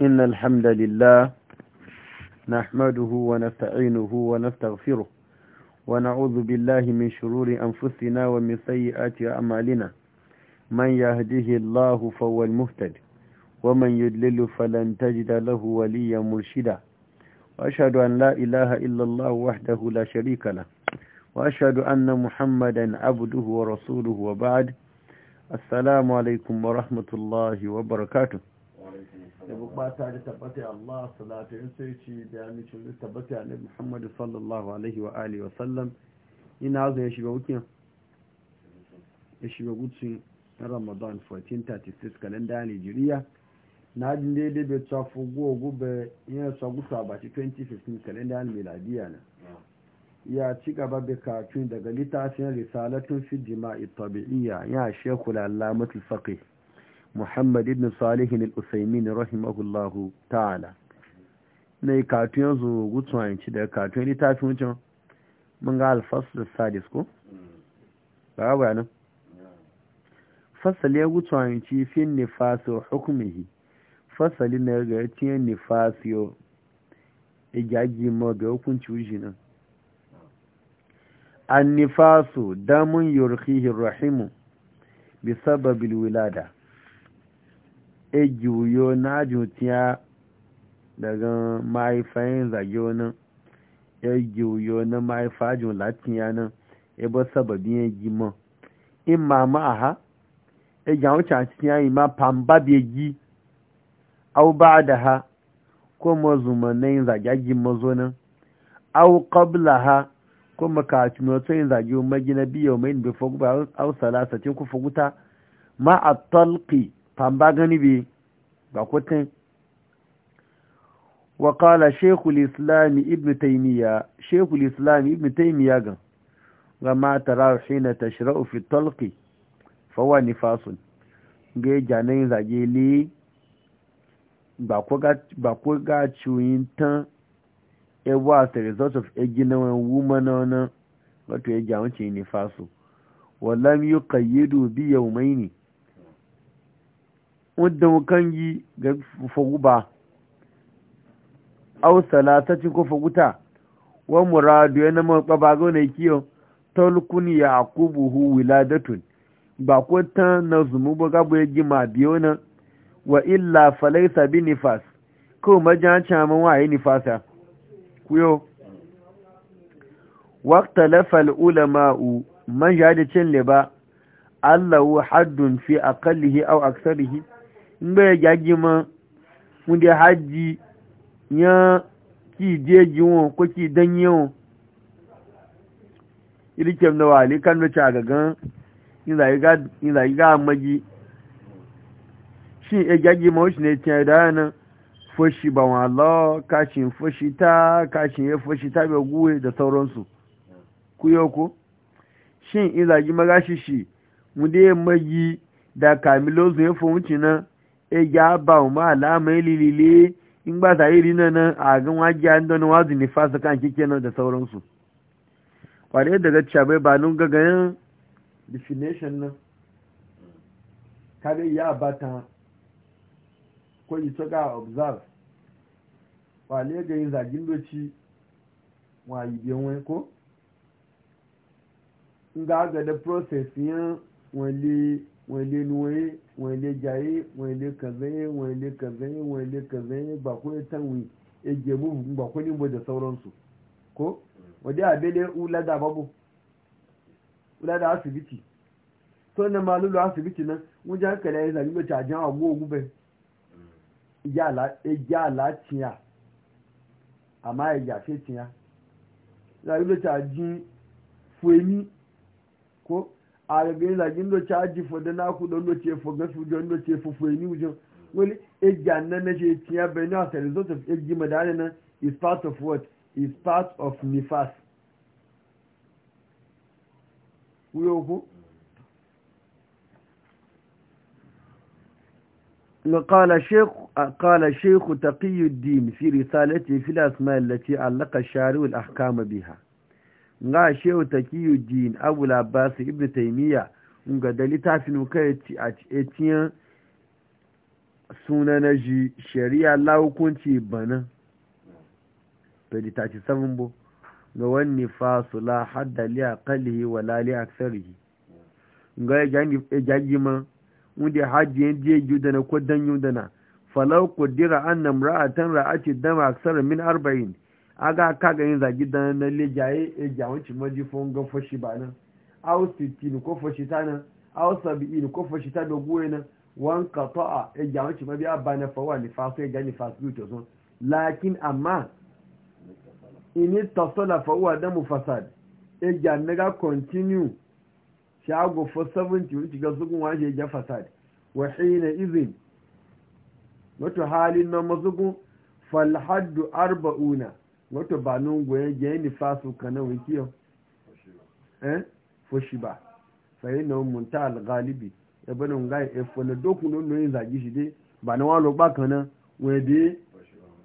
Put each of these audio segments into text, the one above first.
إن الحمد لله نحمده ونستعينه ونستغفره ونعوذ بالله من شرور أنفسنا ومن سيئات أعمالنا من يهده الله فهو المهتد ومن يدلل فلن تجد له وليا مرشدا وأشهد أن لا إله إلا الله وحده لا شريك له وأشهد أن محمدا عبده ورسوله وبعد السلام عليكم ورحمة الله وبركاته da bata da tabbata Allah salatu in sai ci da amincin da tabbata ne Muhammad sallallahu alaihi wa alihi wa sallam ina zo ya shiga wukin ya shiga gutsin Ramadan 1436 kalenda Nigeria na jin daidai bai tafi gogo bai ya sa gusa ba ci 2015 kalenda miladiya na ya ci gaba da kafin daga littafin risalatun fi jima'i tabi'iyya ya shekula Allah mutul faqih muhammad ibn salihin al'usaimin rahimahullahu ta'ala na yi katun yanzu gutsun hanci daga ta littafin wucin mun ga alfasul sadis ko? ba ba nan fasali ya gutsun hanci fi nifasiyo hukumihi fasali na yarga ya ciye nifasiyo igagi ma ga hukunci wuji nan an nifasu damun yorkihin rahimu bisababil wilada eji wuyo na ajutiya daga mahaifayin zage wani eji wuyo na mahaifajin latiya nan ebe sababin ya gi man in ma ma'aha eji wuce a cikin yayi ma pamba bai gi au ba da ha ko mazumannin zage gi mazo nan au qabla ha ko makacin wato yin zage magina biyo mai da fogu ba au salasa ce ku foguta ma a talqi famba gani bi ba kutin wa kala shekul islami ibn taimiyya shekul islami ibn taimiyya gan gama tara hina tashra'u fi talqi fawa nifasun ga janayin zage le ba ko ga ciwoyin tan ewa as a result of egina wani woman wani wato ya jami'in nifasu wallam yi kayyidu biya umaini wadda yi ga faguba au ci ko faguta wa muradu yana maɓa ba zo na kiyo tolkun ya akubuhu wiladatun ba ko ta na zumu ba gabo ya gima biyo na wa illa falaisa sabi nifas ko majancan man waye nifasa kuyo Wakta lafal ulama'u man ba? liba wu haddun fi aqallihi aw aksarihi mgbe jajima wunde haji ya ki ji won ko ki danye won ilikem da wali kan no caga gan ina iga ina iga maji shin e jajima o shine tiya da na foshi ba wa Allah kashin foshi ta kashin ya foshi ta be guwe da sauransu ku shin ina ji magashi shi mu dai maji da kamilozu ya fomuci na ya ba wa ma alama ililile in ba iri na wọn a gan wajiya don wazu ne fasa kan kike nan da sauransu kwale daga cabai ba nun yẹn definition náà kárí ya bata ko yìí soga observe kwale ga yin zàgí doci wa yi biyan wani ko in ga aga wani wele nuwe wele jaye wele kazaye wele kazaye wele kazaye ba ko ya tanwi ya gemu ba ko nimbo da sauransu ko wadda abele ula da babu ula asibiti na malulu asibiti nan wajen hankali ya zami mace a jan agwo gube ala alatiya amma ya yafe tiya zami mace a jin fuemi ko a gaggai lagin da ta ji fa da na ku don doce fa gasu don doce fa fa ni wujen wani egyan nan na shi tiya bai na ta result of egyi madana na is part of what is part of nifas kuyo ku na kala sheku kala sheku taqiyuddin fi risalati fi al-asma'i allati allaka shari'ul ahkama biha nga shehu takiyuddin abu labasu ibn taimiyya nga dalita finu kai a etiyan suna na ji shari'a bana 37 bo ga wani fasu hadda li aqalihi wa li nga ya jagi ma wanda hajji yan je yudana ko dan yudana falau qudira anna ra'atan ra'ati dama aksara min arba'in aga ka ga yin zagi dan na lejaye e, e jawon ci maji fon ga fashi ba nan aw sitin ko fashi ta nan aw sabi'in ko fashi ta da goye nan wan qata'a e jawon ci mabi abba na fawa ni fasu e gani fasu to son lakin amma ini tasala fawa da mu fasad e janna ga continue shago fo 70 wuce ga zugun waje ga fasad wa hina izin wato halin nan mazugun falhaddu arba'una wato ba nun goyen jayen nifasu kanan wikiyo eh foshiba sai na munta al-galibi ebe nun ga efo na dokun don noyin zagi shi ba na wa ba kanan wede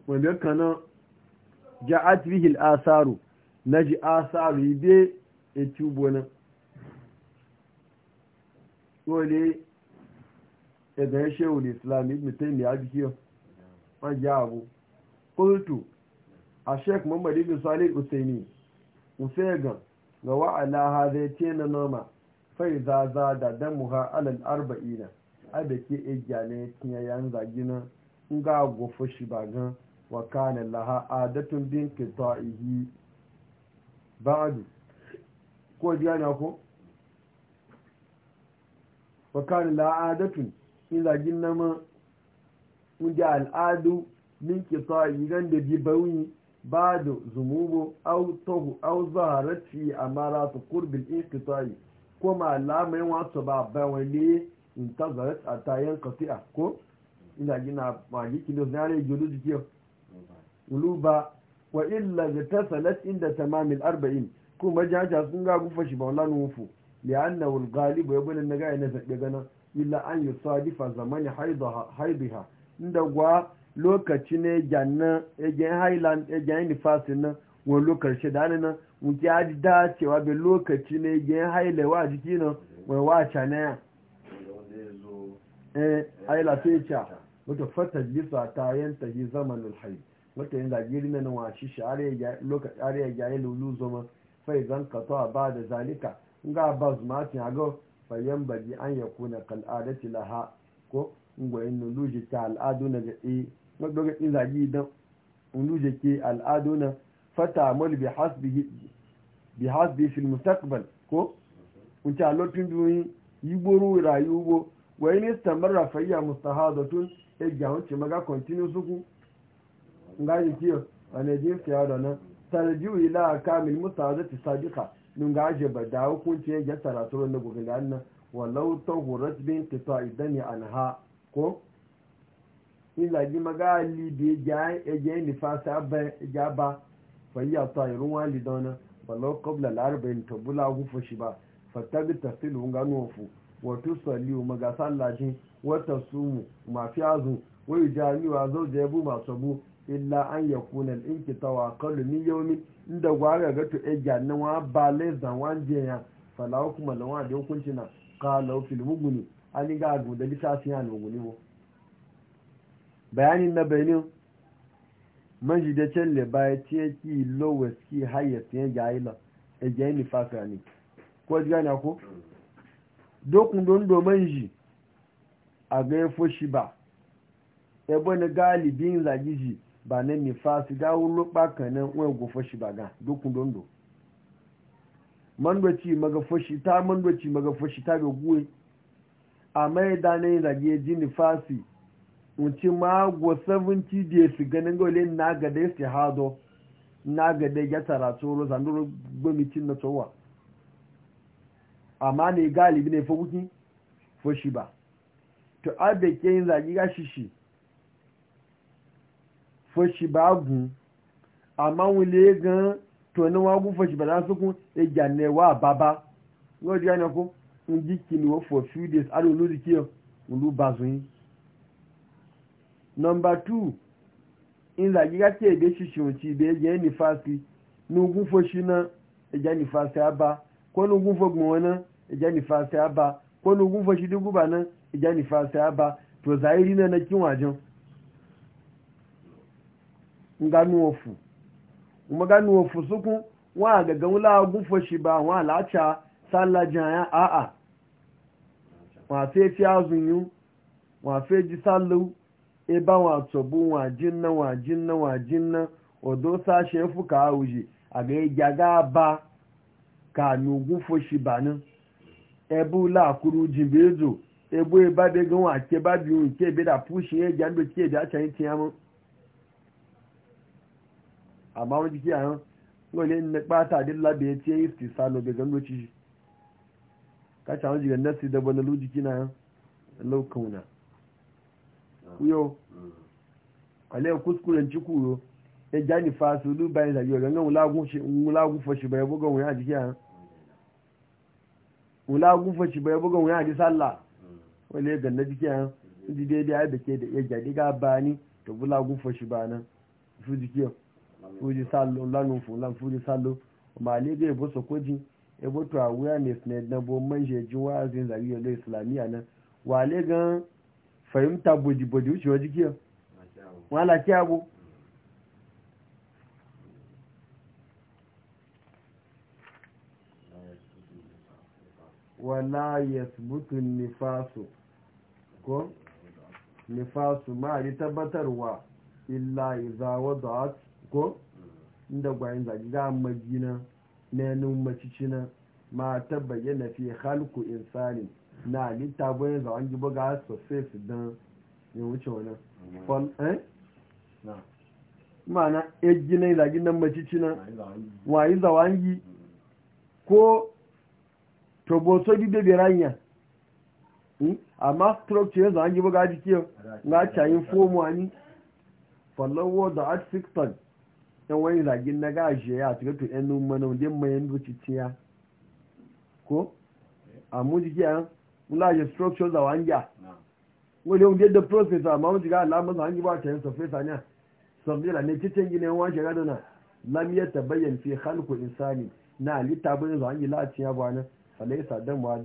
wede kanan ja'at bihi al-asaru naji asaru dai e tubo na dole ẹgbẹ̀rẹ́ ṣe òlè islam ibn taymiyyah abu kultu a sheik muhammad ibn salih usaini usaigan ga wa'ala ha zai ce na noma fai za za da dan muha alal arba'ina a da ke igiya ne tiya yan zagina in ga gofa shi ba gan wa kanin laha adatun bin kita ihi ba ba'adu ko biya na ko wa kanin laha adatun in zagin nama in ga al'adu min kita ihi gan da bi bauni ba da zumubu autohu au zaharaci a mara ta kurbin ikitari kuma lamarin wasu ba bayan ne in ta a tayan kafi'a ko ina gina magi kilo na rai gudu jikiyar uluba wa illa da ta salat inda ta mamil arba'in kuma jaja sun ga gufa shi ba wala nufu da an na wulgali ba yabunan na gaya na zaɓe gana illa an yi sadifa zamani haibiha da gwa lokaci ne janna ejen highland ejen fasin nan wani lokaci da hannun nan wuce ya ji dacewa bai lokaci ne ejen highland wa jiki nan wani wacha na ya eh haila fecha wata fata jisa ta yanta yi zamanin hai wata yin zagiri na nan washi shi ariya yayi lulu zoma fai zan kato a ba da zalika ga ba su mati a ga fayen baji an yakuna kal'adati laha ko ngwayin nuluji ta al'adu na gaɗe eh, in zagi dan unuje ke al'aduna fata mal bi hasbi bi hasbi fil mustaqbal ko kunta lotin duni yigboro rayuwo wa in istamarra fa mustahadatun e jawon ce maga continue suku ngaji kiyo wane jin fiya da nan tarjiu ila kamil mustahadati sadiqa nun gaje ba da hukunci ya ga saratu na gugulan nan walau tahurat bin qita'i anha ko ilaji maga li de ja eje ni fa sa ba ja ba ya ta iru wa li dona balo qabla al arba'in to bula gu fo shi ba fa ta bi tafsil hu ga no fu wa tu sali u maga sallaji wa ta su mu azu wa yu ja ni wa zo je bu ma so bu illa an yakuna al inki tawaqal ni yawmi inda gwa ga ga to e ja ni wa ba le wa je ya fa la hukuma la wa de kun ti na qalu fil mugni ani ga gu da lisa sin ya lugu bayanin na benin manjidacin libya ti ya ki lowes ki hayes ya jayila ejayi nifasa ne ko ji gane ako dokun don domin ji a ga ya fushi ba ebe na galibin zagi ji ba na nifasi ga wuro bakanan wani go fushi ba ga dokun don do mandoci maga fushi ta mandoci maga fushi ta ga guwe a mai e da na yin zagi ya ji nifasi wuce mago 70 days ganin gole na ga da yake hado na ga da ya tara tsoro zanuru gomitin na tsowa amma ne galibi ne fa wuki fa shi ba to abe ke yin zagi ga shi shi shi ba gu amma wule gan to ni wa gu fa shi ba za su kun e janne wa baba ngo ji ana ko ngi kini wo for few days a alu lu dikiyo lu bazun number two in zagi gati ebe shishunci be je nifasi nugun foshi na eja nifasi aba ko nugun fogun wana eja nifasi aba ko nugun foshi duguba na eja nifasi aba to zairi na na kinwajon nganu ofu umaganu ofu sukun wọn àgàgàn láàgún fòṣìbà àwọn àláàṣà sálàjàyàn àà wọn àfẹ́ fi áàzùnyún wọn àfẹ́ jí sálòó ebe wa tsobu wa jinna wa jinna wa jinna odo sashe fuka auji a ga ba ka nugun foshi banin ebu lakuru jimbezo ebu eba began wa ke ba ke ebe da fushi ya e gyando ke da aka yi tiyamun amma wani jiki a e yan wani na kpata din yi su salo began lokaci ka ca da kuyo ale kuskuren ci kuyo ya mm. mm. e jani fasu du bayan zage gangan wulagun fashi bai buga wuya a jiki a wulagun fashi bai buga wuya a ji sallah wale ganna jiki a ji daidai a bake da ya jadi ga bani to wulagun fashi ba nan su jiki fuji sallo lanun fulan fuji sallo ma le ga yabo sokoji yabo e to awareness ne na bo manje ji wa'azin zage yau islamiyya nan wale gan fahimta bodi wuce wucewa jikiya wala kyabu wala tsubutu nifasu ko nifasu ma ri tabbatarwa illa iza wadat ko inda gwayin zagi ga majina na yanin macicina ma tabbayyana fi halku insanin na halitta bayan zawon gibo ga sosai su don yin wuce wani ma'ana egi eh? na eh, izagi nan macici nan wayi zawangi ko toboso gibe beranya hmm? amma structure zawangi ba ga jike na cayin fomu ani fallawo da art sixton yan wani zagin na gaje ya tuka to yan mana wanda mayan yan duci tiya ko eh. amma jiki a wulaje structures a wanja wani yau da professor ma wani ga alamun sa hangi ba ta yin surface ne sabila ne cikin gina yan wani shiga dana lam ya tabayyan fi halku insani na litta bayan zuwa hangi la'acin ya ba nan falaisa damu wa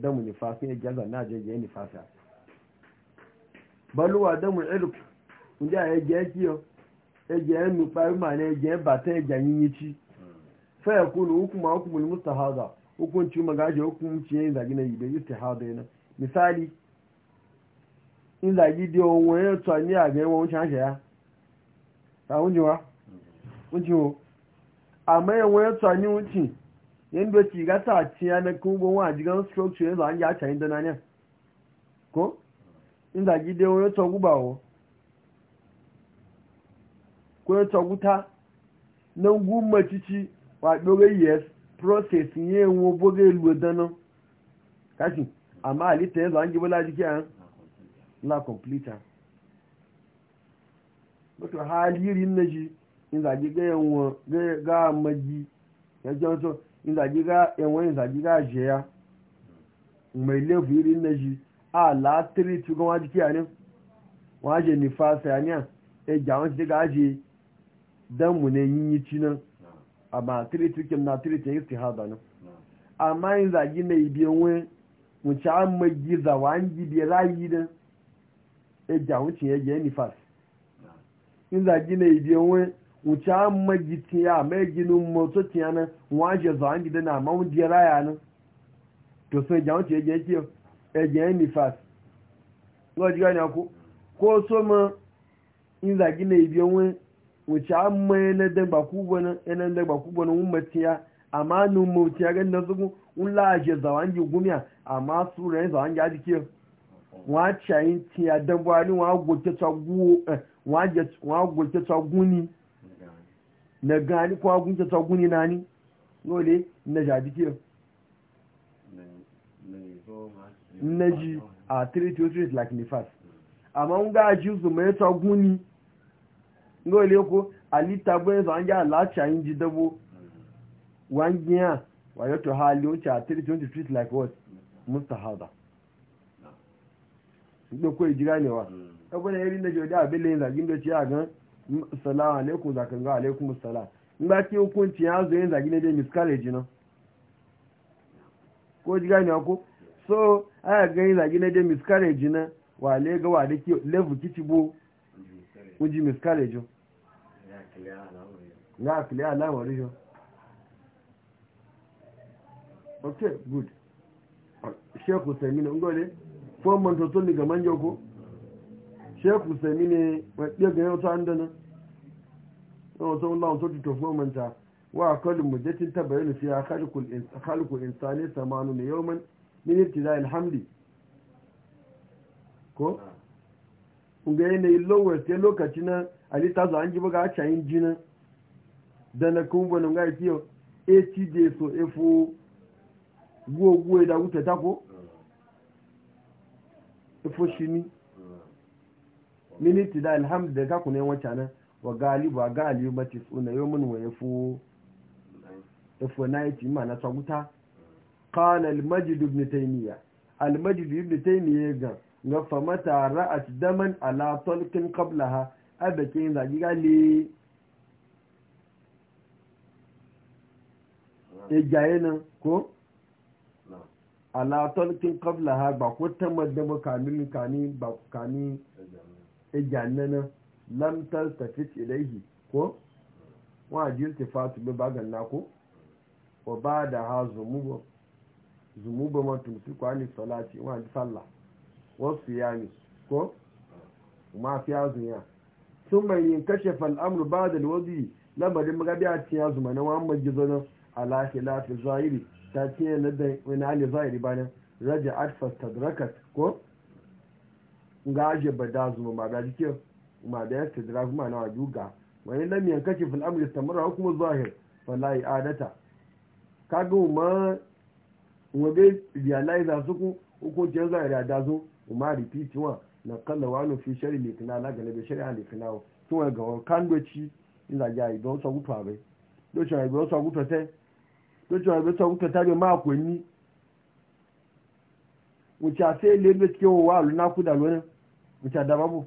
damu nifasin e ya gaza na jirgin ya nifasa e baluwa damu ilk kun ja ya gaya kiyo e ya gaya nufa yi ma ne ya gaya ba ta ya gaya yi ci hmm. fa ya kunu hukuma hukumul mustahaza hukunci magaji hukuncin yin zagi na ibe yi stihada yana misali in zagi di ya tuwa ni a ga yawon wuce hanshi ya ta wunji wa wunji ya ni wuce yin ci gata a ciya na kumbon wa jigan ya cayin dana ne ko in zagi di ya tuwa gubawo ko na gumma cici wa yes process yẹn wọn bóge lu dáná káṣí àmá àlítẹ̀ ẹ̀lọ́ ń jíbó láti kí à ń la complete bókè haliri na ji ìzàjí ga ẹ̀wọ̀n ga amaji ẹjọ́ tó ìzàjí ga ẹ̀wọ̀n ìzàjí jẹ́ ya mai lefu iri na ji a látírì tí wọ́n wájí kí à wọ́n á jẹ́ nífà sẹ́yà ní ẹjà wọ́n ti ga jẹ́ dánmù ní yínyí tí náà amma tiriti kim na tiriti istihada no amma yin zagi na ibi onwe wuce an magi zawa an gi bi rayi da eja wuce ya ge ni fas yin zagi na ibi onwe wuce an magi tiya mai ginin moto tiya nan waje za an gida na ma wuce raya nan to sun eja wuce ya ge ki eja ni fas ko jiga ne ko ko so ma yin zagi na ibi onwe wuce an mai na dan ba ku bana ina dan ba ku bana ummatiya amma nu mutiya ga nan zugu un la je zawangi gumiya amma su ran zawangi adike wa chain tiya dan ba ni wa gote ta eh, wa je wa gote ta na gani ko gunta ta guni nani dole na jadike na ji a 3 to 3 like nifas amma un ga ji zuma ta taguni ngo ile ko alita bo zo anja la cha inji dabo wangiya wa yoto hali o cha 320 treat like what mustahada ngo ko ijira ne wa abu ne irin da jodi abele yin zagin da ci a gan salamu alaikum zakan alaikum salam in ba ki hukunci ya zo yin zagin miscarriage na ko ji gane ko so aya ga yin zagin miscarriage na wa wa ki level uji miscarriage na kiliya alamari yau ok good sheikh hussaini ne ngole fon man to ni ga manjo ko sheikh ne wadda ga yau ta andana yau sun lawan to to ta wa kallu mujatin tabayyin fi khalqul ko ah. ne lokaci na ali ta zo an ji buga cayin jinin da na kumbo nan ga kiyo 80 days so efo guo guo da wuta ta ko tako shi ni miniti da alhamdulillah ka kunen wacce nan wa galiba galiba galibu mace tsuna yau mun wa efo efo 90 ma na tsaguta qala al-majid ibn taymiya al-majid ibn taymiya ga ga famata ra'at daman ala talqin qablaha abẹ̀kẹ́ ìzàgígá lè ẹjà ẹ̀nà kó alatọ́lítín kọ́bùlà ha gbà kó tẹ́mọ̀dẹ́mọ̀ kàmílù kàní ẹjà nẹ́nà lamtar tafit ilaihi ko wọ́n àjíyar ti fatu bí bagan na ko wa ba da ha zumuba kwani salati wọ́n àjí sallah wasu yami ko ma fi sun mai yin kashe fal'amur ba da lodi lamarin magabi a cikin zuma na wani gizo a lafi lafi zahiri ta ce na da wani hali zahiri bayan raja atfas tadrakat ko nga aje bada zuma ma ga jike ma da yasta dira kuma na wajuga wani lam yankashi fil amri istamara hukum zahir fala adata kaga ma wabe realize su ku hukuncin zahiri da zo ma repeat wa na kalla wani fi shari litina na gane bai shari'a litina o tí wọ́n gàn kán lóci ìlàjà ìbọn sọgútọ̀ ààrẹ lóci ọ̀rọ̀ ìbọn sọgútọ̀ tẹ́ lóci ọ̀rọ̀ ìbọn sọgútọ̀ tẹ́ bí máa kò ní wùtí àṣẹ ilé ló ti wọ́n wà lónàkúdà lónà wùtí àdàbàbò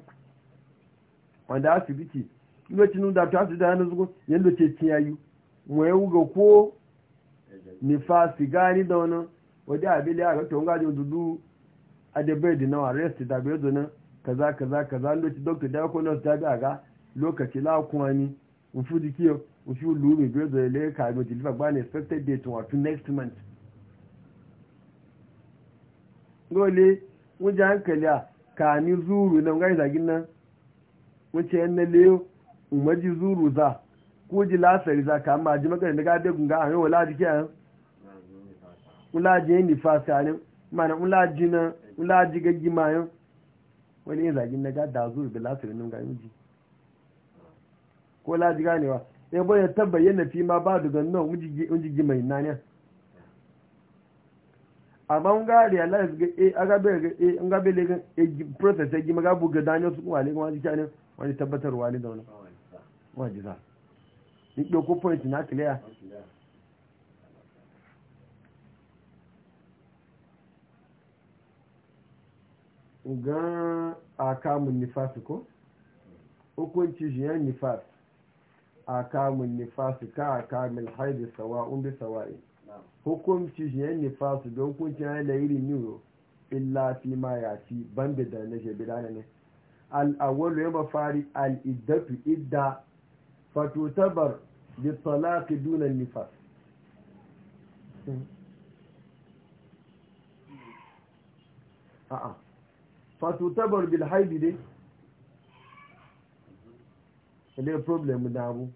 ọ̀dà àṣìbìtì lóci nù dàtọ̀ àṣìdá yẹn lọ́sọ́kọ́ yẹn lóci ti ayú wọ́n ẹ̀ wúgọ̀ kó nífa sìgá nídọ̀ọ́nà wọ́n dé àbílẹ̀ àrọ́tọ̀ ń gájọ dudu. adabai da nawa rest da bai zo nan kaza kaza kaza lokaci doctor da ko nurse ta ga ga lokaci la kuma ni ufu dikiyo ufu lumi bai zo le ka go ba ne expected date wa to next month gole wuce hankali a ka ni zuru nan ga zagin nan ce yan na leyo umaji zuru za ko ji lasari za ka ma ji magana daga dagun ga an yi wala jike an ulaji yin nifasa ne mana ulaji na E la ji gaggi mayan wani yin zagin na ga da zuwa da lasirin nun ganin ji ko la ji ganewa ya e bayan tabbayin na fi ma ba da gannan unjigi mai naniya amma n ga realize ga a agabe le ga process ya gima ga buga daniel su kuma ne kuma jiki ne wani tabbatarwa ne da wani wajiza ni ɗauko point na clear ga a kamun nifas ko hukunci jiyan nifas a kamun nifas ka a kamun haidu sawa'un bi sawa'i e. hukunci jiyan nifas don hukunci na da iri niro illa fi ma ya fi banda da na dana ne al'awwalu ya mafari al'iddatu idda fatotabar bi talaki dunan nifas hmm. a'a fatutabar bil haidi dai ne problem da abu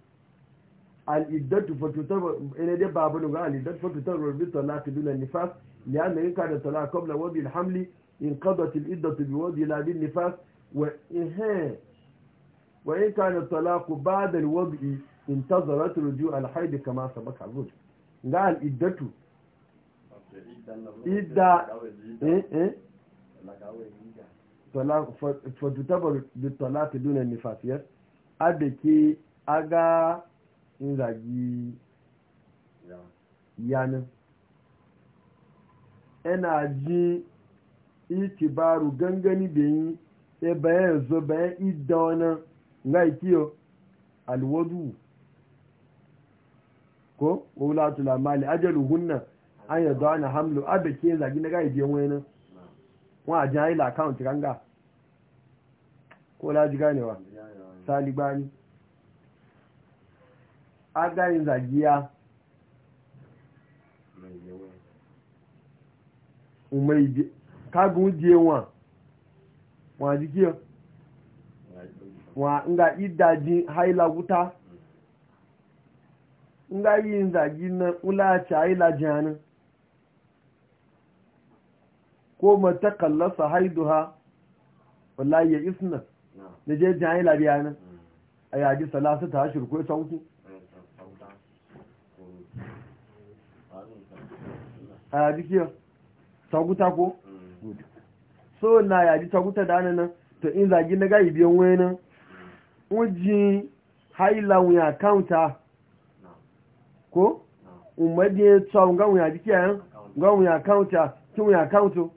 al'iddatu fatutabar ina dai babu nuga al'iddatu fatutabar bil talaki duna nifas ne an yanka da talaka kabla wabi hamli in qadatil iddatu bi wadi labin nifas wa ihe wa in kana talaku ba'da al-wad'i intazarat ruju' al-haid kama sabaka al ga al idda eh eh fatutabar bittola ta a nifafiyar adake aga in zagi yanin ina ji itibaru gangani da yi e bayan zo bayan idda wani ga ikiyo alwadu ko wulatul mali ajalu hunna an yadda wani hamlu adake zagi na ga idiyan wani wa ajiyayi la account ranga ko laji ganewa salibani agayin zagiya umaije kagun je wọn wọn jikiyar wọn nga idaji haila wuta nga yin zagi na ulaci haila jihanin ko mata kallasa haiduha wallahi ya isna da je jan yi labiya nan a yaji salasa ta hashir ko sauku a yaji kiyo taguta ko so na yaji taguta da nan to in zagi na gayi biyan wani nan ujin haila wuya kanta ko Umar da ya tsawon gawun ya jikiya yan gawun ya kanta tun ya kanto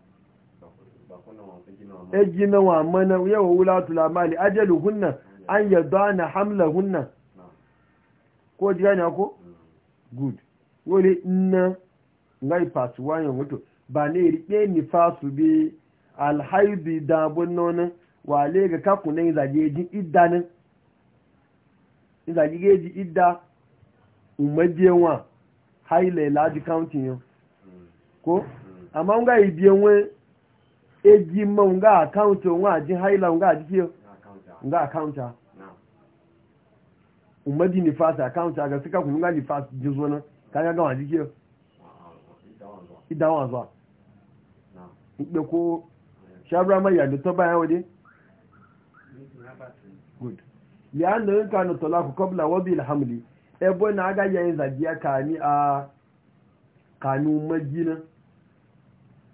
ejina wa mana yawa wulatul ajalu ajaluhunna an yadana hamlahunna ko ji gane ko good wole inna ngai part 1 wato ba ne rike ni fasu bi alhaidi da bunnon wale ga kaku ne zage ji iddanin zage ji idda umabiyanwa haile laji county yo ko amma ngai biyanwe eji mma nga akaụntụ nwa aji haila nga aji nga akaụntụ umadi nifas akaụntụ aga sika kuma nga nifas ji zuwa nan ka ga gawa aji idawa zuwa ikpe ko shabra mai yadda ta bayan waje good liyan da yin kanu talaku kabla wabi alhamli ebo na aga yayin zagiya kani a kanu majina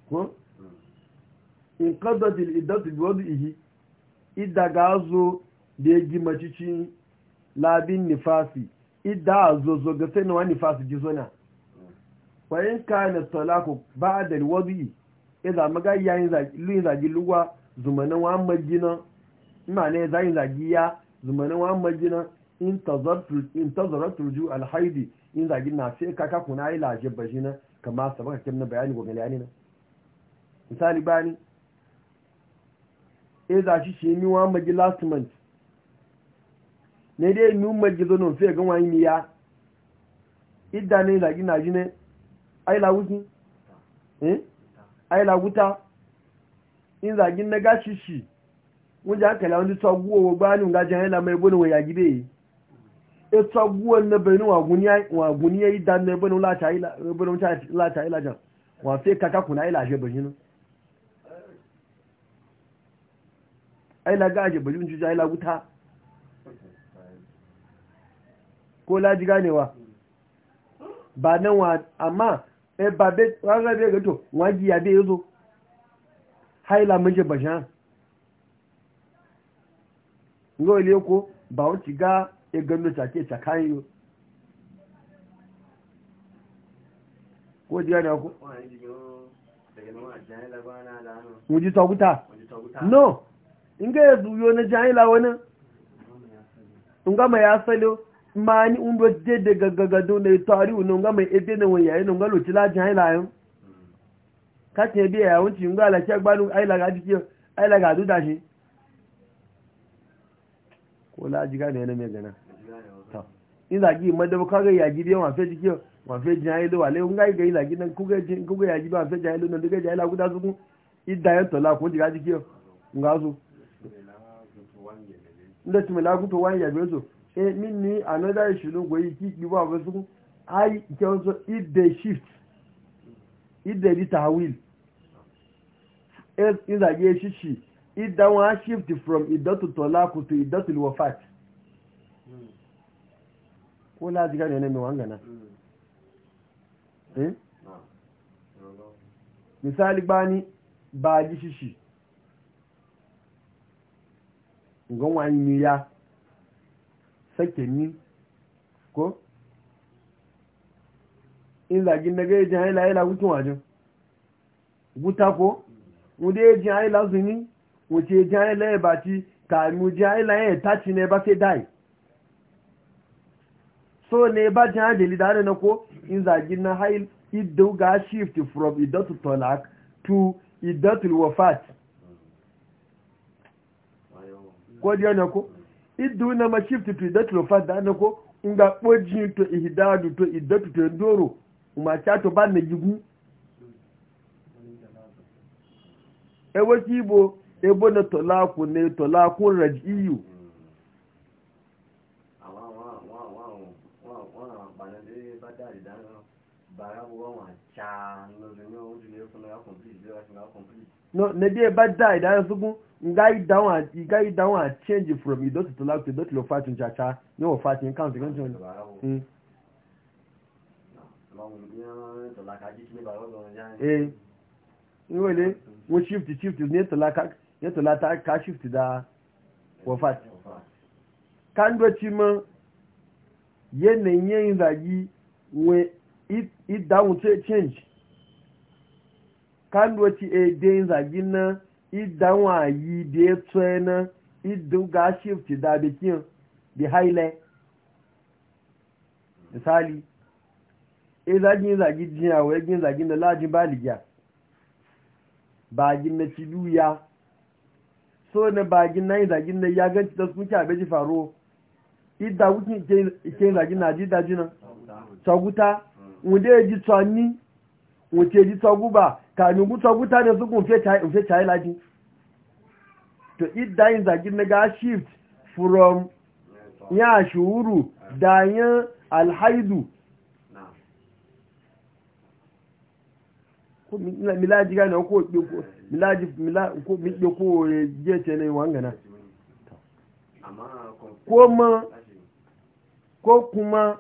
ko in qaddat al iddatu bi wad'ihi idda gazo da ya gima cikin labin nifasi idda zo zo ga sai na wani nifasi ji na wa kayan kana talaku ba ba'da al wad'i idza maga yayin zagi luyin zagi luwa zumanan wa majina ina ne zayin zagi ya zumanan wa majina in tazartu in tazartu ju al haidi in zagi na sai kaka kuna ila shi na kama sabaka kin na bayani gobe yani na misali bani e za shi shi mi wa magi last month ne dai mi magi zo non fe gan wa mi ya idda ne la gina jine ai la wuki eh ai la wuta in za gin na gashi shi mun ja kala wani tsaguwa e wa bani ga jan la mai bonu ya gibe yi e tsaguwa na benu wa guniya wa guniya idda ne benu la ta ila benu ta la ta ila jan wa fe kaka kuna ila je benu ai la aje bari in juja ai la guta ko la ji ganewa ba nan wa amma e ba be wanga be gato waji ya be yazo haila mun je bashan ngo ile ko ba wuci ga e gando take yo ko ji ganewa ko mun ji taguta no in ga yanzu zuyo na jahila wani in ga mai salo? ma ni un do je de gagagado na tari in ga mai ebe na wani in ga loci la jahila yan ka te bi ya yawanci in ga la agbanu aila la ga ji ai la ga du da shi ko la ji gane yana mai gana to in da gi madaba ka ga ya ji biyan wa fe ji ke wa fe jahilo wa le un ga ga ila gi nan ku ga ji ku ga ya ji ba fe jahilo nan duga jahila ku da su ku idda yan tola ku ji ga ji inda ti milagun to wani yabe so e min ni another issue no go yi ki wa ba su ai ke so shift if they did a will if e, in da ye shishi if that one shift from idatu talaq to idatu wafat ko la diga ne mai misali bani ba ji ngon wani ya sake ni ko in zagin na gaya jin haila yana gutun wajen guta ko wanda ya jin haila su ni wace jin haila bati ta karimu jin haila ya taci ne ba sai dai so ne ba jin hajjali da na ko in zagin na hail idau ga shift from idatu talak to idatu wafat ko diya na ko iddu na ma shift to idatu to fa da na ko nga poji to ihdadu to idatu to ndoro ma cha to ba na jigu e waki bo e bo na tolaku ne tolaku rajiyu No, ne bi e ba da idan sugun ngai down at ngai down at change from you dot to like to dot lo fatin chacha ni o fatin kan ti ganjo ni hmm. eh ni wele wo shift shift ni to la ka ni to la ta ka shift da wo fat kan do ti mo ye ne yin da yi we it it down to change kan do ti e eh, de yin da yi na idan wayi da ya tsoye na idan ga shift da bikin bi haile misali e zagin zagi jiya wa yagin zagin da lajin baligiya bagin na ciluya so na bagin na yi zagin na ya ganci da sun abe ji faro idan wukin ke zagin na ji daji nan tsaguta mm. wunde ya ji tsanni wuce ji tsogu ba ka gu tsogu ta ne su kun fe cayi laji to it dayin zagin na ga shift from ya shuru dayan alhaidu milaji gane ko milaji ko miɗe ko eh, ce ne wangana ko ma ko kuma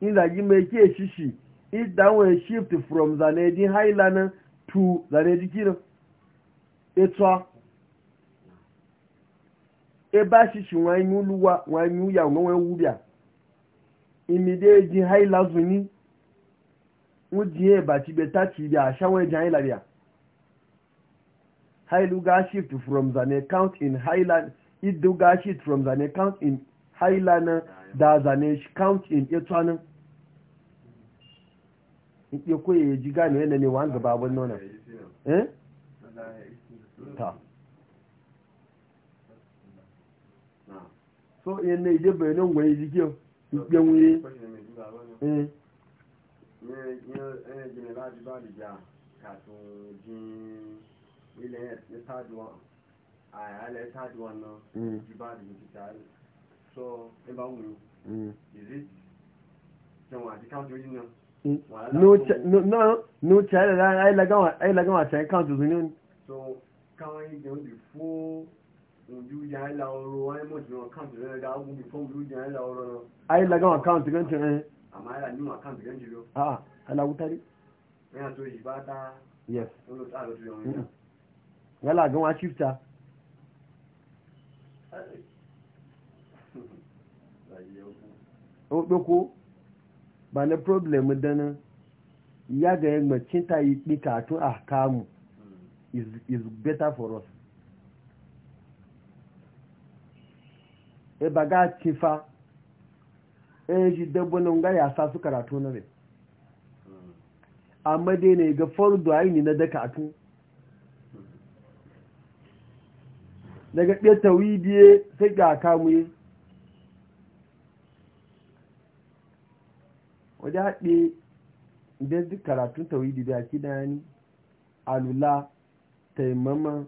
in zagi mai ke shishi it that will shift from zanedi highland to zanedi kino eto Eba ba shishi wọn anyu luwa wọn anyu ya wọn wọn wubia imide eji highland zuni wọn ji eba ti beta ti ibi eji highland ya highland shift from zanedi count in highland it do ga shift from zanedi count in highland da zanedi count in eto anan ya koya ya ji gane yadda ne wa'an gaba abin nuna eh ta so yin na ije bayanin gwaye jikin ikpe nwunye eh àìhálẹ̀ táàdì wọn náà ju bá dùn ti tààrí so ẹ bá wù ú ìrí jẹun àti káńtì orí náà no child ai lagawa child count to zuni so kawai yi don before ojú jẹ́ àìlà ọrọ̀ wáyé mọ̀ tí wọ́n káàntì rẹ̀ dá ogun before ojú jẹ́ àìlà ọrọ̀ rẹ̀ àìlà gan àkáǹtì gan ti rẹ̀ àmà àìlà ní wọn àkáǹtì gan ti rẹ̀ ah aláwútárí ẹ̀yà tó yìí bá dá yes olóòtú àlọ́ tó yọ̀ wọn yálà gan wá ṣífta ó gbókó ba na problem dana ya ga yammacin ta yi tun a kamu is better for us e ba ga cifa e shi dabbonin ga yasa su karatu na rai amma dai ne ga fardu aini na da katun daga ɗaya tawidiye sai ga yi. wajen haɗe idan duk karatun tawidi da ake dani alula taimama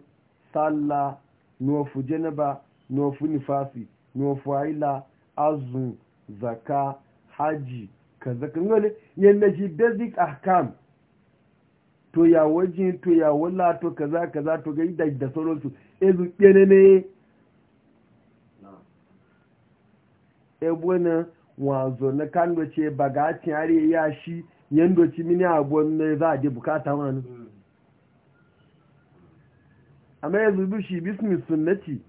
sallah nufu janaba nufu nifasi nufu haila azun zaka haji kaza zaka nwale yadda shi basic ahkam to ya waje to ya wala to kaza kaza to ga da da sauransu ezu kenene ebwana wazo na kan doce cin are ya shi yan doci mini abuwan na za a je bukata wani amma ya zubi shi bismi sunnati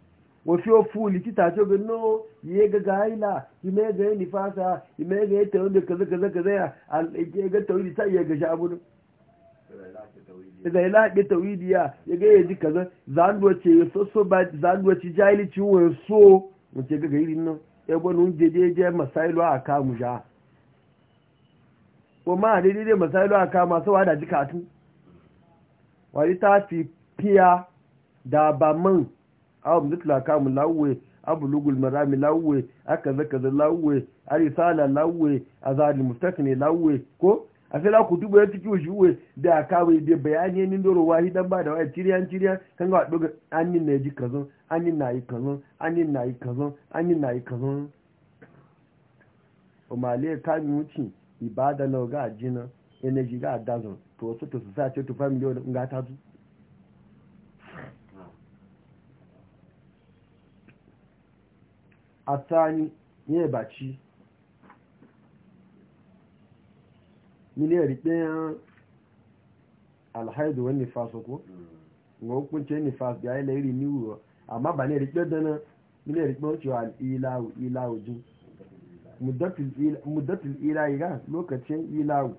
wafi ofu likita ce ga no ya ga gaila ime ga yi nifasa ime ga yi tawon da kaza kaza kaza ya alƙe ga tawidi ta iya ga sha abu zai laɗe tawidi ya ya ga ya ji kaza zanduwa ce ya so so ba zanduwa ci jahili wani so mace ga gairi nan egbonu jejeje masailu aka muja o ma dai dai masailu aka masu wada jikatu wani ta fi piya da ba man abu mutula mu lauwe abulugul marami lauwe aka zakaza lauwe arisala lauwe azali mustaqni lauwe ko a sai la kutubu ya e tiki shuwe da aka wai da bayani ne ndoro wahidan ba da wai e tiriyan tiriyan kan ga doga annin ne jikazon ani na ikazan ani na ikazan ani na ikazan o ma le ka mi wuci ibada na ga jina energy ga dazun to so to society to family o nga ta zu atani ni e bachi ni le ri pe alhaidu wani faso ko mm. ngo kunce ni fas ga ile iri ni wuro amma ba ne rike da na ne rike wacce wa ilawu ilawu jin muddatul ilayi ga lokacin ilawu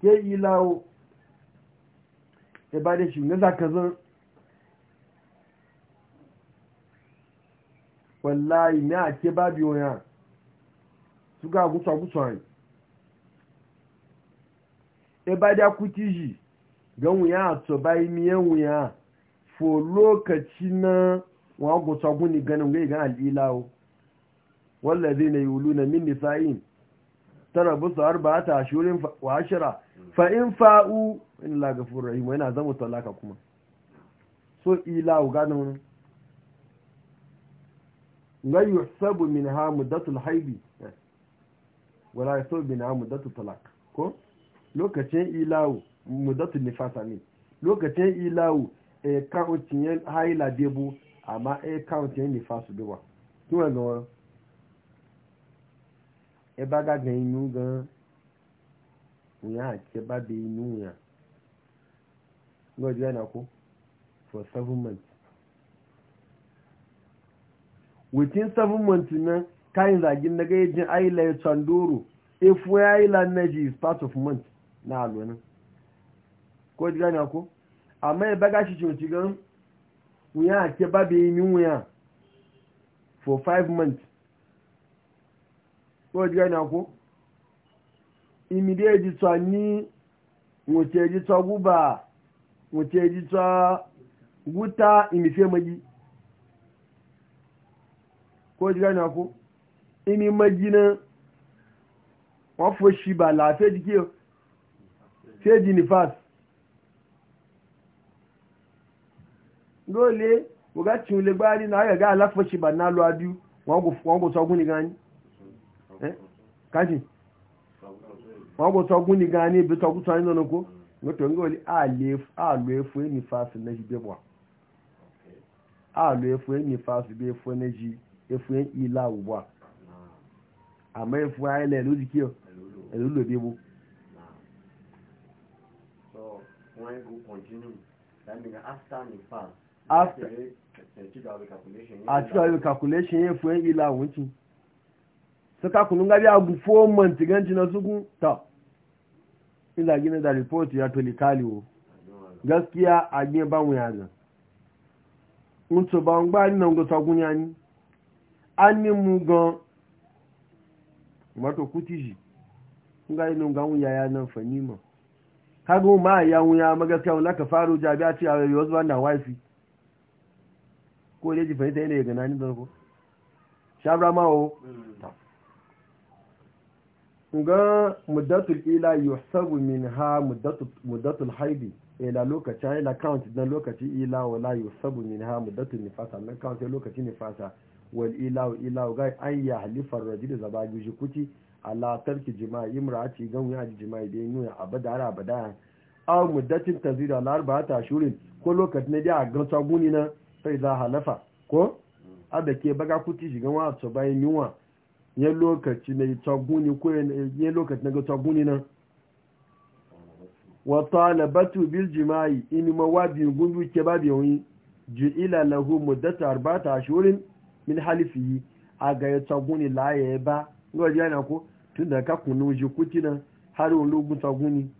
ke ilawu e ba da shi ne za ka zan wallahi ne a ke ba biyo ya su ga gusa gusa ne e ba da kuti ji gan wuya a tsoba yi miyan wuya fo lokaci na wa gusa guni ganin wọ́n gai ga al'ilawo wallazi na yulu na min nisa'in tara busa arba'ata ashurin wa ashira fa in fa'u in la gafur rahim yana zama talaka kuma so ila ilawo ganin wani yi sabu min ha muddatul haibi wala sabu min ha muddatul talak ko lokacin ilawo muddatul nifasa ne lokacin ilawo Eh, akaụntụ ya haila debu eh, amma akaụntụ ya nifasu dewa kíwẹ̀ gan ẹ bá gàgàn inú gan ìyá àti ẹ bá bẹ inú yàn lọ́jọ́ ẹ̀nà kó for seven months within seven months na kayan zagin na gajejin aila ya chandoro efu ya aila na ji is part of month na alwanin ko ji gani ako amma ya baga shi coci gan wuya ake babu yi min wuya for five months ko ji gani ako imide ya ji ni wace ya ji guba wace ya ji tsa guta imife magi ko ji gani ako imi magi na wafo shi ba lafiya jike feji nifas dole ga cin libari na aka ga alafashi ba na luwa biyu wọn kò sọgún ni gani eh? kaji wọn kò sọgún ni gani ibi tọkún sọ nínú kó nítorí ń gọ́lẹ̀ àlò efu ẹni fásì lẹ́jì bẹ́ wà àmọ́ efu ayẹlẹ̀ lójì kí ọ ẹ̀lú wo. So, when you continue, that means after the fast, after a cikin abin calculation yin fuyen ila wuncin suka kunun gari abu gufo manti ganci na sukun ta ila gina da report ya toli kaliwo gaskiya a gina ba mu zan mutu ba n gbari na ngosa gunya ni an ni mu gan mato kuti ji gari na ngawun yaya nan ma kagun ma a wuya ya magaskiya wula ka faro jabi a ce a wasu banda wifi ko dai ji fahimta yanayi ga nanin zarko shabra mawo mm. ga muddatul ila yuhsabu min ha muddatul haidi ila lokaci ila count dan lokaci ila wala yuhsabu min ha muddatul nifasa dan count lokaci nifasa wal ila wa ila ga an ya halifar rajul zabaju shi ala tarki jima'i imra'ati gan ya jima'i dai nuna abada ara abada aw muddatin tazira al arba'ata shurin ko lokaci ne a ga tsaguni na sai za halafa ko abda ke baga kuti shiga wa to bayan niwa ya lokaci na taguni ko ya lokaci na ga taguni nan wa talabatu bil jima'i in mawabi gundu ke babu yawin ila lahu muddatu arba'ata ashurin min a ga ya taguni la ya ba ji yana ko tunda ka kunu ji kuti nan har wani taguni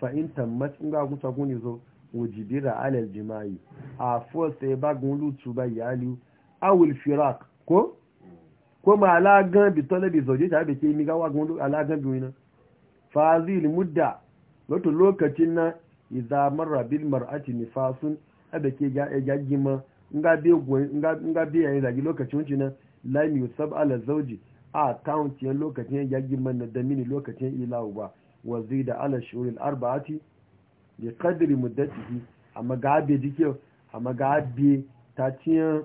fa in tammat in ga taguni zo wujibira alal jima'i a force ya bagun lutu ba yali awul firak ko ko ma alagan bi talabi zauje ta bi ke mi ga wagun alagan bi wina fazil mudda wato lokacin nan idza marra bil mar'ati nifasun abake ga gajima nga bi nga nga bi yayin da lokacin cin nan lam yusab ala zauji a account yan lokacin ya gajima na da mini lokacin ilahu ba wazida ala shuril arba'ati bi kadiri muddatihi amma ga abe dikiyar amma ga abe ta ciyan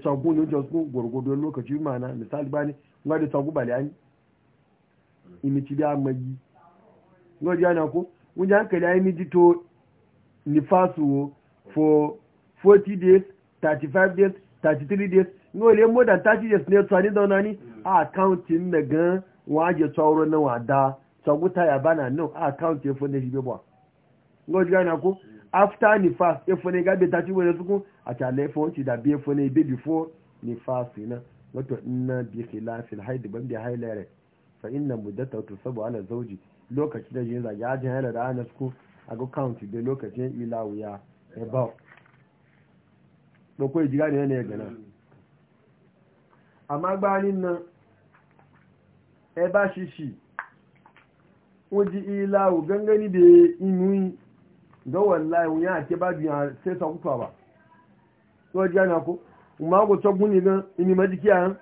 tsagun ne jos ko gwargwado lokaci mana misali bani nga da tsagu bale an imiti da amaji nga ji ana ko an hankali ya imiti to nifasu for 40 days 35 days 33 days nga wale more than 30 days ne tsani da wani a accounting na gan waje tsauron na wada tsagu ta yabana no a accounting for na shi bebuwa ngoji gane ko after nifas efo ne gabe ta ci wani suku a kyale efo wanci da bi efo ne be before nifas na wato inna bi khilafil haid ban bi hailare fa inna muddata tusabu ala zawji lokaci da yin zagi ajin haila da ana suku a go count da lokacin ila wuya e about dokoi jiga ne ne gana amma gbanin nan e ba shishi wuji ila wu gangani da inuyi ga wallahi wuya a ke ba biya sai sa kuka ba so ji ana ko ma go to guni ga imi majiki an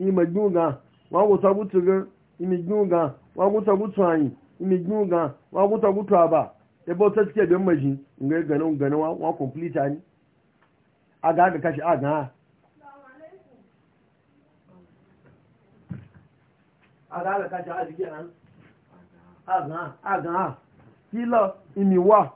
ma majuga wa go to butu ga imi juga wa go to butu an imi juga wa go to butu ba e bo ta tike don maji ngai ganan ganan wa wa complete ani aga ga kashi aga aga ga kashi aga aga aga kilo imi wa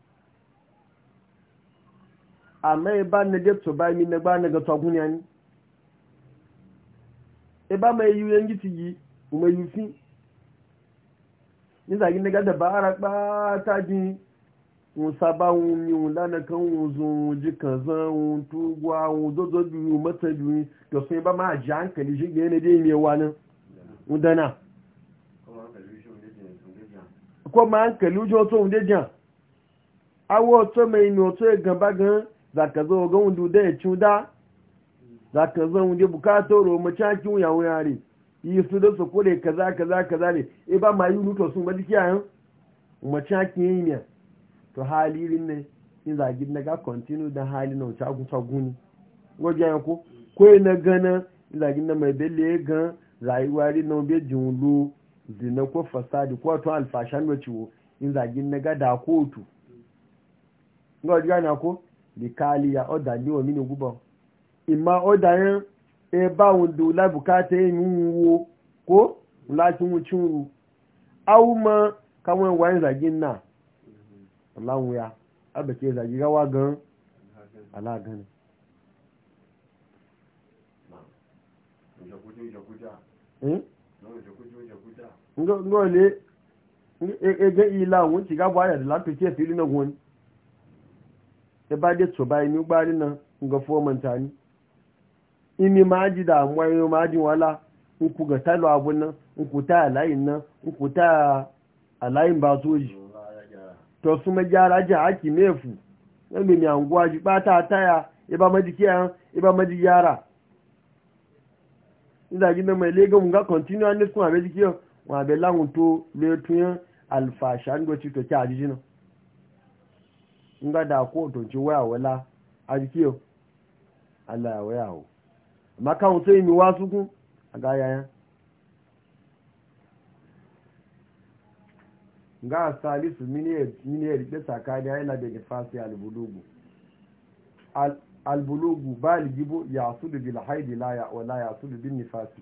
amma ya ba na depto ba mi na ba na ga taguniya ni e ba mai yi yan giti yi kuma yi fi ni zagi na gada ba ara ba ta ji un saba un mi un lana kan un zo ji kan zan un tugwa un dozo bi un mata bi un to sai ba ma ji hankali shi ga yana dai mai wani un dana ko ma hankali ujo to un dejan awo to mai ni o to e gan ba gan za ka zo ga wundu da ya cuda za ka zo wunde bukato roma cakin wuya ne yi su da su kore kaza kaza kaza ne e ba ma yi nuto sun ba jikiya yan macakin yi ne to halirin ne in zagi na ga kontinu da hali na wuce agun guni wajen ya ko ko na gana in zagi na mai bele gan rayuwa ri na obe jin lo zina ko fasadi ko to alfashan wacewo in zagi na ga da kotu ga wajen ko likali ya oda ni omi ni gubo ima oda yen e ba wundo la bukata wo ko lati mu awu ma ka won wa zagin na Allahu ya abake zagi gawa gan ala gan hmm? ngo ngo le e, e, e ila won ti ga bwa ya la pe ti fili na won da ba da su bayan yi gbari nan ga fomanta ni imi ma ji damuwa yi ma ji wala in ku ga talo abun nan in ku ta alayin nan in ku ta alayin ba soji to su ma gyara ji haki mefu nan mai anguwa ji ba ta taya iba e maji kiyan iba e maji gyara ina ji na mai legan ga continue ne kuma bai ji kiyan wa bai langun to le tuyan alfashan gochi to ki ajiji nan nga da ko to ji waya wala a jikiyo Allah ya waya ho amma kan yi mi wasu ku a ga yaya nga salisu miniyar miniyar da da yana da nifasi albulugu albulugu baligibo ya sudu bil haidi la ya wala ya sudu bin nifasi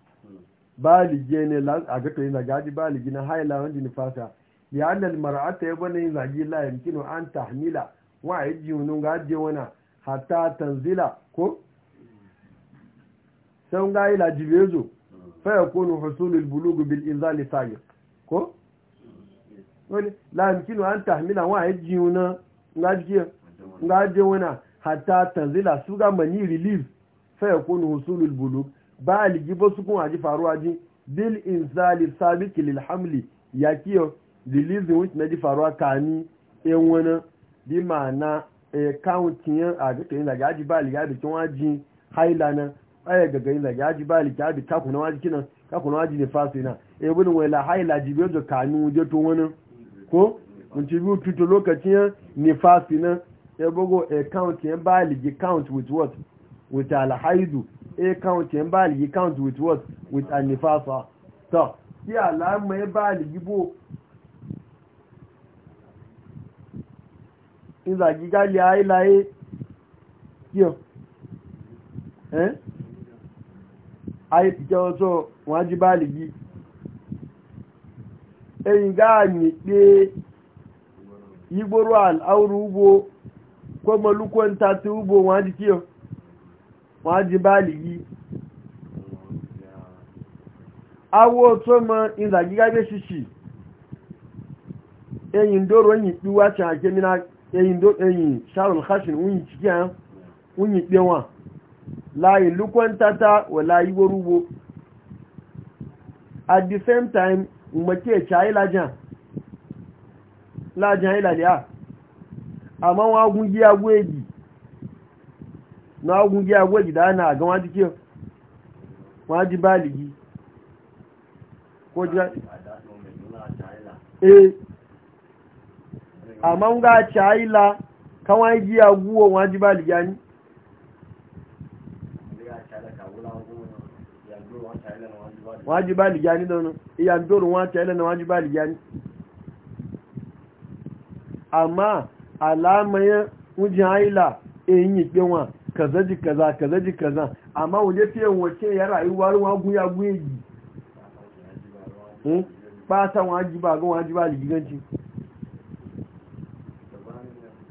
gene hmm. ne a gato yana zagaji baligi na haila wanda nifasa ya annal mar'ata yabana bane yin zagi la yamkinu an tahmila wa yi jiwunin ga ajiye wana hata tanzila ko sai ga ila jibezo fa kunu husulul bulugh bil inzali sayiq ko wani la yumkinu an tahmila wa wani jiwunin ga ajiye ga ajiye wana hata tanzila su ga mani relief fa kunu husulul bulugh ba aligibo su kun aji faruwa ji bil inzali sabiq lil hamli yakiyo release which na ji faruwa kani en wani bi ma'ana e kawuntiyan a duka yin daga aji bali ya bikin waji haila nan aya gaga yin daga aji bali ya bi kakuna waji kinan kakuna waji ne fasu yana e wani wai la haila ji biyo da kanu je to wani ko mun ci biyu tuto lokacin ne fasu count with what with alhaidu e kawuntiyan bali ji count with what with anifasa to ki alama e bali ji ìzàgígálẹ̀ ayélayé yíò ẹ́n ayé ti jẹ́ ọjọ́ wọ́n jí bá lè yí ẹ̀yìn gáàyè pé yígbóró àláwòrú ugbo kọmọlúkọ ń ta ti ugbo wọ́n jí kíọ wọ́n jí bá lè yí awó tó mọ ìzàgígálẹ̀ ṣíṣì ẹ̀yìn dóró yìí pí wá ṣe àjẹ́mínà eyin do eyin sharul khashin unyi cikiya unyi pewa layi lukon tata wa layi gorubo at the same time umake chayi lajan lajan ilaliya amma wọn agun gi agweji na agun gi agweji da ana ga wọn dike wọn ji baligi ko ji eh amma nga la, kawai giya guwo wajiba ligani wajiba ligani don iya ndoro wa chaila na wajiba ligani amma alama ya wujin haila in yi kinwa kaza kaza kaza kaza amma wuje fiye wace ya rayuwa ruwa guya guye ji ba ta wajiba ga wajiba liganci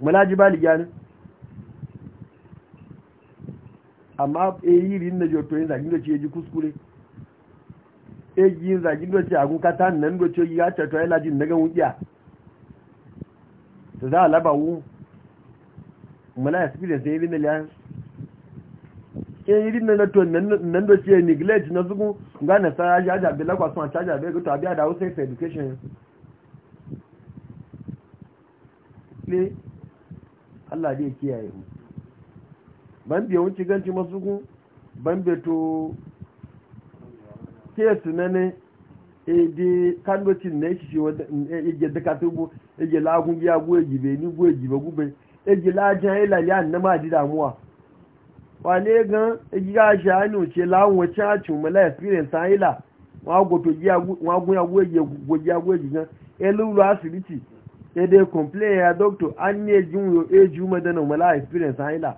mulaji bali gyani amma eyi ri na joto yin zagin doce ji kuskure eyi yi zagin doce a kun kata nan doce yi ya cato yana jin daga wukiya ta za a laba wu Muna ya spirit sai yi na liyan eyi na to nan doce ya neglect na zugun gane sa ya bi lagwasun a cajabe gato to a da hausa education Allah dai kiyaye mu ban biya wuce ganci masu kun ban beto kesu na ne ede kanocin na shi eh, ege daga tubu ege lagun biya guwe gibe ni guwe gibe gube ege lajan ilali an na ma damuwa wane gan ege ga shi hannu ce lawon wacce a cin mala experience an ila wọn agoto gbe guwe gigan elulu asibiti sai dai complain ya doctor an ne jin yo e eh, ju madana mala experience an ila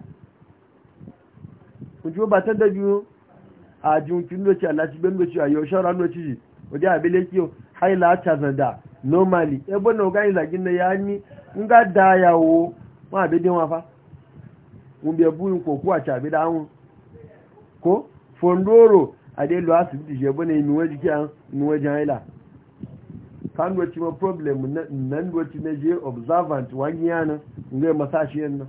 kun ji ba ta da biyo a jun kin do ci Allah ci ben do ci ayo shara no ci o dia abele kiyo haila ta zanda normally e bo no ga ila gin na ya ni nga da yawo ma be din wa fa mun be bu ko ku a ta be da hun ko fondoro a dai lo asibiti je bo ne mi waji ki an mi waji haila kan doci e, ma problem nan doci na je observant wani yana ngai masashi yana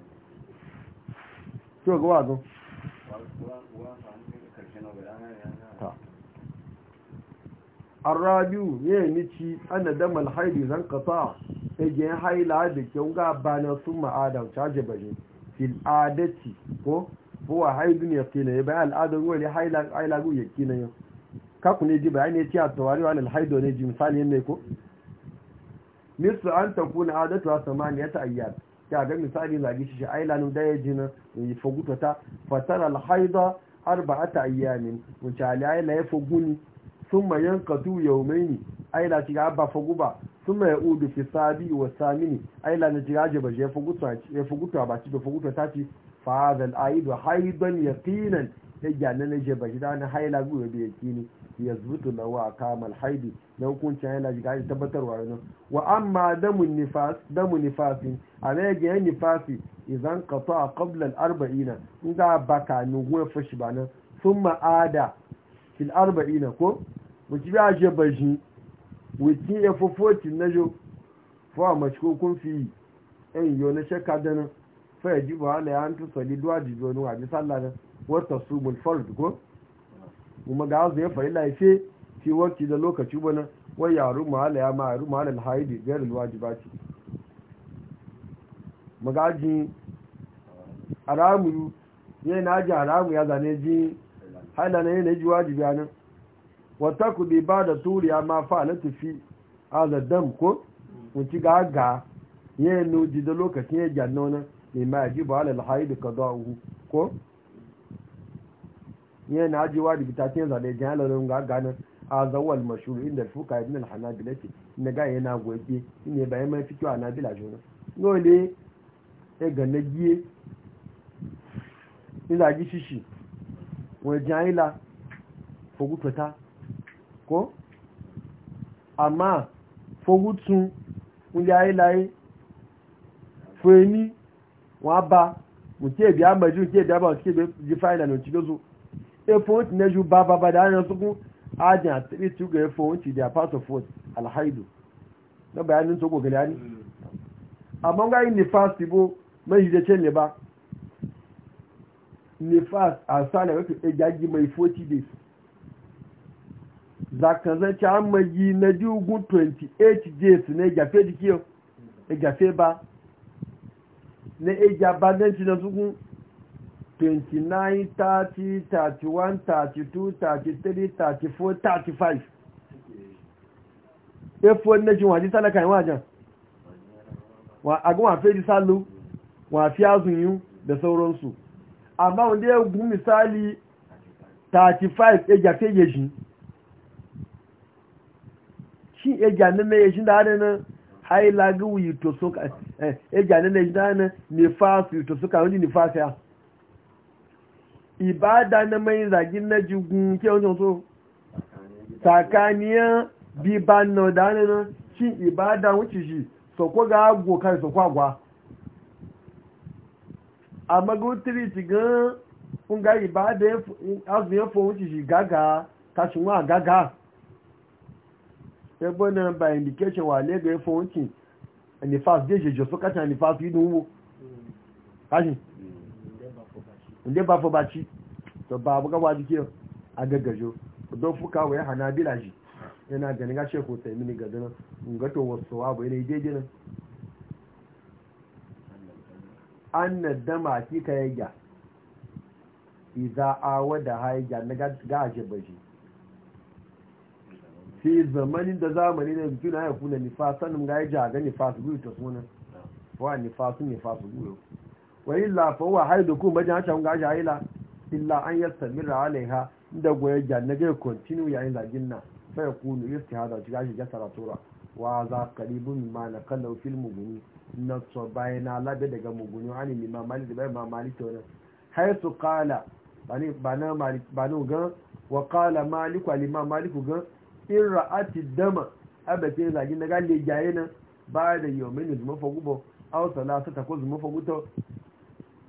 to ga wazo ne ya ci an ana damar haidu zan kasa gen haila da kyau ga banan sun ma'adam caje bari fil adati ko huwa haidu ne ya kina ya bayan al'adun wani haila ya kina yau kaku ne ji bayani ce a tawari wa alhaido ne ji misali ne ko misu an ta kuna adatu a samaniya ta ayyar ya ga misali zagi shi ailanu da ya jina yi faguta ta fatar alhaida arba'ata ayyamin wuce alaila ya faguni sun ma mai ni. aila ci ga ba fagu ba sun ma udu fi sabi wa ni aila na ci gaje ba ya faguta ba ci da faguta ta ci fa zal aidu yaqinan ya gyana na je bashi da na haila guwa yake kini ya zubutu na wa kamal haidi na hukuncin haila shi gaji tabbatarwa yana wa amma damu nifasi a na yage nifasi idan kato a kablan arba'ina in a baka ni guwa fashi ba nan sun ma'ada fil arba'ina ko mutu biya je bashi wiki ya fi foti na jo fawa kun fi yan na shakka nan fa ya ji ba ala ya hantu sali duwa a ji sallah na. wata su mulfard ko kuma ga azu ya farila ya ce ci wanki da lokaci wani wai yaro mahala ya ma yaro mahala alhaidi ba ce magajin haramu ya yi naji haramu ya zane ji haila na na ji wajibi a nan wata ku bai ba da turiya ma fa'alatu a azadam ko kunci ga ga yi nuji da lokacin ya wani mai ma'aji yaji ba alal haidu ka za'uhu ko yana hajiwa da bitatiyan zane jihar launin ga ganin azawal mashuru inda fuka ibn al-hanabila ce na ga yana gobe ne bayan mai fito a nabila jona dole ya ga na giye ila gi shishi wani jahila fogutota ko amma fogutun wuli ayilaye fo eni wọn ba mutu ebi amaju mutu ebi abawo suke bi fayila na otu gozo efowunci na ju ba ba da hanyar suku ajin a tsiri ga da part of what alhaidu na bayanin su gogali ne amma ga yi nifas tibo mai hidace ne ba nifas a sale wato ejaji mai 40 days zakazanci an maji na jugun 28 days na ejafe jikiyo ejafe ba na ejaba ganci na suku. 29 30 31 32 efo ne ji wọ́n àti tálẹ́kà àjá agbọ́n àfẹ́ sálò wọ́n àfi azùnyún da sauransu amma wanda ya gun misali 35 ẹjà fẹ́ yẹjì shi ẹjà nínú yẹjì dáadẹ́ náà haila gíwù yìí tó sókà ẹjà nínú yẹjì dáadẹ́ náà wọ́n ibada na mai zagin na jigun ke wajen so tsakaniyar biba na danin cin ibada wuce shi soko ga agwo kai soko agwa a magotiri ti gan kun ga ibada azuyen fo wuce shi gaga tashin wa gaga ẹgbọ́n náà by indication wà lẹ́gbẹ̀ẹ́ fo wuce and the fast day jejo sokata and the fast yi dun wo kashin inda ba fa baci to ba buga ba duke a gaggajo don fuka wa ya hana bilaji yana ganin ga shekau sai mini ga dinan in ga to wasu wa bai ne daidai nan an na dama kika yayya iza awa da haija na gaje baji fi zamanin da zamani na bikin na haifu na nifasan ga ya jaga nifasu biyu ta suna wa nifasu nifasu biyu wa illa fa huwa haidukum bajan ta ga jahila illa an yastamira alaiha inda goye janna ga continue yayin zaginna fa yakunu istihada ga shi jasara tura wa za qaribun mimma naqalu fil muguni na so bayana labe daga muguni ani mimma malik bai ma malik to ne haythu qala bani bana malik bani ga wa qala malik wa limam malik ga in ra'ati dama abake na daga le jayena ba da yawmin zuma fagubo aw salasa ta ko zuma faguto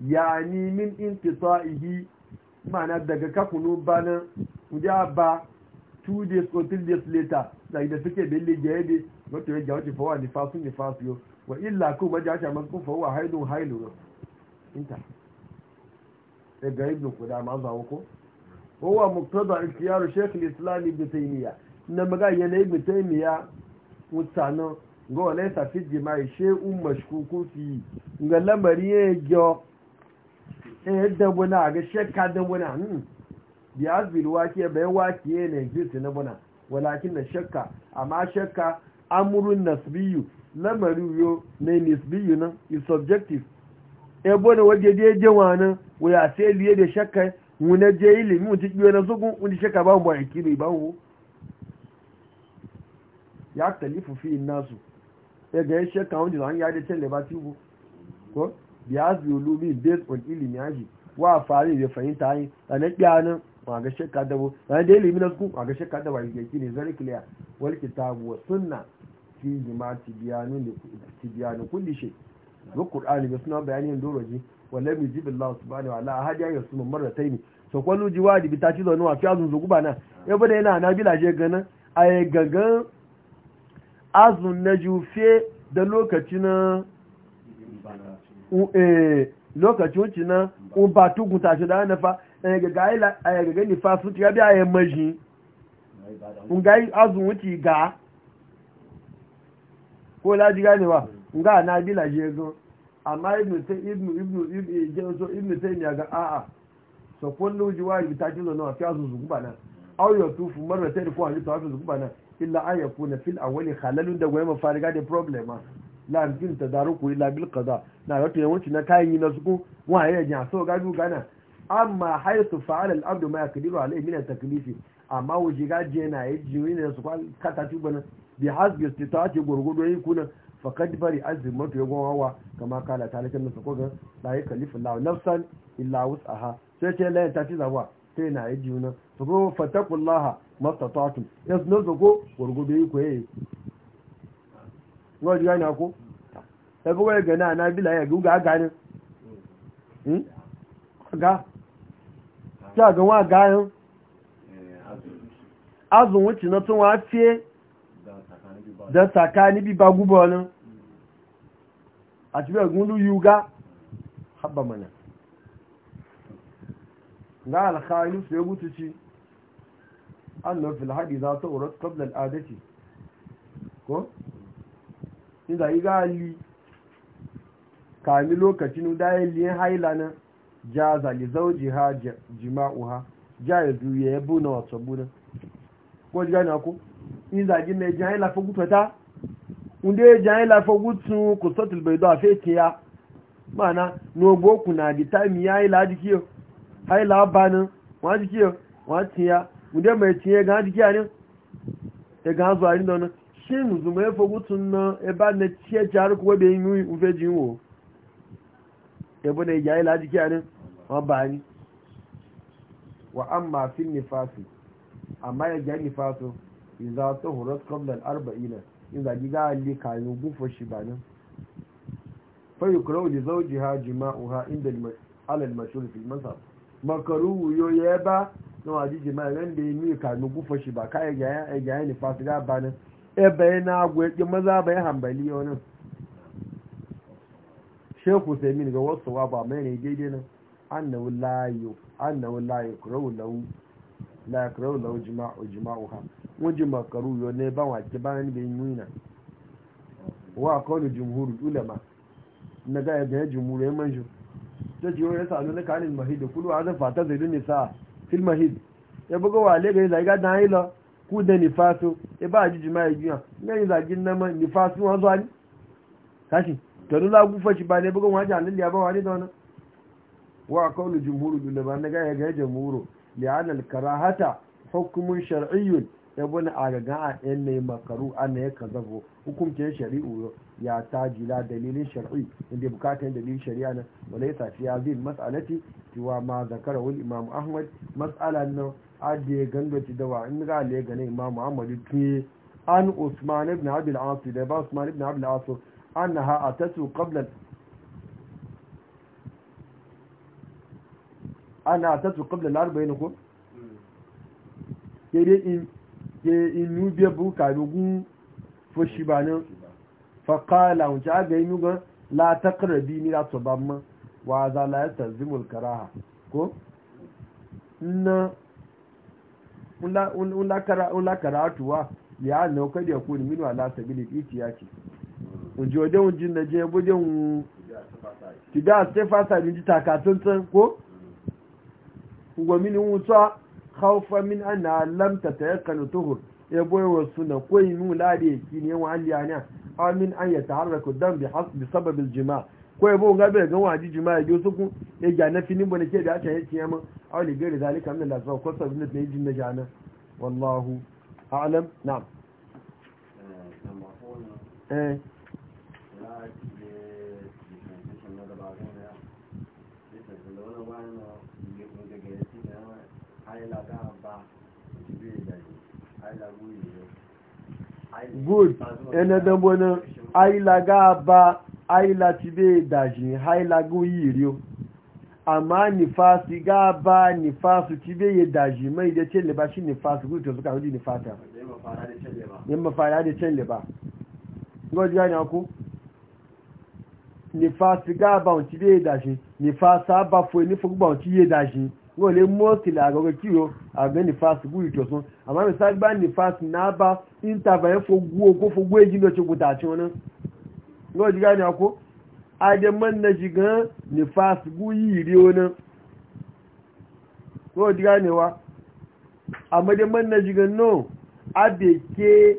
yani min inqita'ihi mana daga kakunu bana uja ba 2 days or 3 days later da ida suke da jebe wato ya jawaci fa wani fasu ne fasu yo wa illa ku ba jawaci amma kun fa wa haidun hailu inta daga e ibn qudama zawo ko huwa muqtada ikhtiyar shaykh al-islam ibn taymiya na maga yana ibn taymiya mutano ga wala ta fi jima'i shay'un mashkuku fi ga lamari ya gyo ɗaya eh, dabuna ga shakka dabuna hmm. bi azbil wake bai wake ne exist na buna walakin na shakka amma shakka na nasbiyu lamarin yo na nisbiyu nan is subjective ebo eh, na waje je jewa nan sai liye da shakka wuna je ilimi mutu biyo na zugun wani shakka ba mu ikiri ba ya talifu fi nasu eh, ya ga shakka wani zan ya da ba ko ya zulu min based on ilimi aji wa fari da fahimta yi da na kyanin ma ga shakka dabo da da ilimi na su ma ga shakka dabo yake ne zari clear wal kitabu wa sunna fi jima tibyanu da tibyanu kulli shay wa qur'ani da suna bayanin doroji wala mi jibillahu subhanahu wa ta'ala ahadi ya suma marrataini so kwallo jiwadi bi ta ci zanu a fiyazun guba na ya bada yana na je ganin a gangan azun na jufe da lokaci na E, lokacin wuce na ba tukun tashi da na fa e, a yaga ni fa sun tiyabi a yamma shi ngai azun wuce ga ko laji ba, nga na bila je zo amma ibnu sai ibnu ibnu ibnu so ibnu sai ya ga a'a so kullu jiwa bi takin zo na fi azun zuguba nan aw yatufu marratayn ko an yatafu ba nan illa an yakuna fil awali khalalun da goyma fariga da problema la yumkin tadaruku illa bil qada na wato yawanci na kayan yi na suku wa ya a so ga du gana amma haythu fa'ala al abdu ma yakdiru alayhi min al taklifi amma wuji ga je na yi jiwi ne su ta tu bana bi hasbi istita'ati gurgudo yi kuna faqad bari azmatu ya hawa kama kala talakin su ko ga la yakalifu Allah nafsan illa wus'aha sai ce la ta ci zawa sai na yi jiwi na su ko fatakullaha mastata'tum yasnu gurgudo yi ko yi. ngo ji gane ko ta bugo ya gana na bila ya guga gane hmm ga ta ga wa gane azun wuce na tun wa fiye da tsakani bi ba gubo nan a cikin gundu yuga haɓa mana na alkhari su ya an ci annan filhaɗi za ta ko ni da iga li kami lokacin da ya liyan haila na ja zali zauji ha jima'u ha ja ya duye ya bu na wasu buna ko ji gani ako in zagi na jan haila fa gutu ta inda ya jan haila fa gutu ku ya mana nobo ku na shin zuma ya fogu tunna e ba na ciye jaru kuwa bai yi ufe jinwo ya bu na yi jayi laji kyanin wọn ba ni wa an mafin nifasi amma ya jayi nifaso in za ta horos kwamnan arba'ina in zagi ga halli kayan gufa shi ba nan fayu kurau da zauji ha jima'uha inda alal mashuri filmansa makaru yo ya ba na waji jima'a ran da yi mi kayan shi ba kayan gaya nifasi ga ba nan E bai na agwaƙi maza bai hambali wani sheku sai min ga wasu wa ba mai ne daidai nan annawu layu annawu layu kurau lau kurau lau jima'u jima'u ha wajen makaru yau ne ban wake ni bin nuna wa kawai jimhuru ulama na ga yadda ya jimhuru ya manjo ta ce ya sa'adu na kanin mahidu kudu a zafa ta zai dun nisa fil mahid ya buga wa lega zai ga dan hila ku da nifaso e ba ji jima'i biya nan zagin nan nifaso wa zuwa ni kashi to dole ku fashi ba ne bugun wajen liya ba wani da wannan wa qawlu jumhuru bil ba na ga ya ga jumhuru li'an al karahata hukmun shar'iyyun ya bani a gaga a yan ne makaru an ya kazabo hukumcin shari'u ya tajila dalilin shar'i inda bukatan dalilin shari'a na wala ya tafi ya mas'alati cewa ma zakara wal imam ahmad mas'alan nan adda ganda ci dawa in ga le gane imam muhammad tuye an usman ibn abdul as da ba usman ibn abdul as annaha atatu qabla ana atatu qabla al-arba'in ko ke in ke inu biya buka fa qala faƙala ja ga inu ga la taqrabi ni la tubamma wa za la ya karaha ko na ula karatuwa ya na kada ya kuni minu ala sabili iti ya ce unji wajen unji na je wajen ti da sai fasa ni ji tuntun ko wa min wuta khawfa min anna lam tatayaqqanu tuhur ya e boye wasu na koyi min lade kini wa aliyana ne amin an yataharraku dam bi hasbi sabab al jima'a. ko yabo ga bai ga waji jima'a yo suku ya ga na fini bane ke da aka yi A aw li gairi zalika min al ko sabin da ne jin na jana wallahu a'lam na'am eh, eh. good ẹnẹ́dẹ́gbọ́n ayílagá bá haila ti be dajin haila gun yiri o amma nifasi ga ba nifasu ti be ye daji mai da cin liba shi nifasu gudu to suka wuji nifata yin mafara da cin liba gwaji gani aku nifasi ga ba wunci be daji nifasa ba fo ni fugba wunci ye daji wọ́n lè mú ọ̀tìlẹ̀ àgọ́gọ́ kí o nifasu nífàásì gúrì tọ̀sán àmọ́ mi sáré gbá nífàásì náà bá ń tàbí ẹ̀fọ́ gbó ogó fógbó èjì lọ́ṣọ́gbó tààtì wọn náà yau ji gani ako ajen man na shiga nifas guyi riyo nan yau ji ganewa amma dai man na shiga no abeke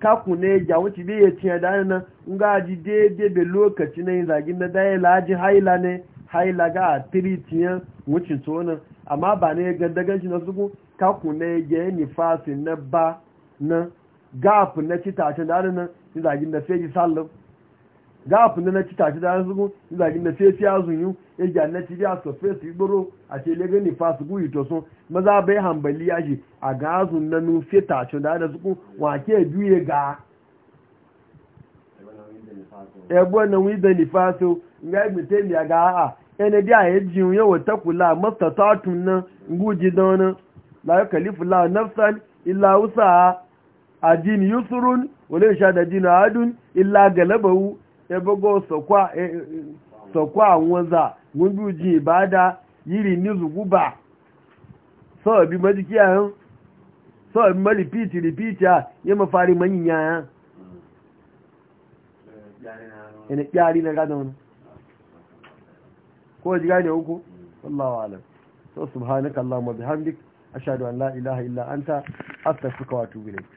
kaku ne ja wuce bai ya ciye da nan nga ji daidai bai lokaci na yin zagin na daya laji haila ne haila ga a tiritiyan wucin na amma ba ne ga daganci na su ku suku kaku ne ga yi nifasin na ba na gap na ta da nan yin zagin na ji sallon gáàpù lẹ́nà títà àti dáhùnsúgún nígbà tí da fi àzùn yún èjì ànẹ́tì bí àsọ fèsì gbòòrò àti ẹlẹ́gẹ́ ní fásitì ìtọ̀sán mọ́sá bẹ́ẹ̀ hàǹbẹ̀lì yáṣì àgá àzùn nánú fẹ́tà àti dáhùnsúgún wọn àti ẹ̀dú yẹ ga. ẹ̀gbọ́n náà wọ́n ìdẹ̀ ní fásitì ńgá ẹgbẹ̀tẹ́ ní àgá àhà ẹni bí àyè jìun yóò tẹ́kùlá láà nafsan ebogo sokwa e, e, e, sokwa wonza ngundu ibada yiri nizu guba so bi majiki ya eh? so bi ma repeat repeat ya ya mafari manyinya ya eh? ene kyari na gado gadon ko ji gane uku wallahu alam so subhanakallahumma bihamdik ashhadu an la ilaha illa anta astaghfiruka wa atubu ilayk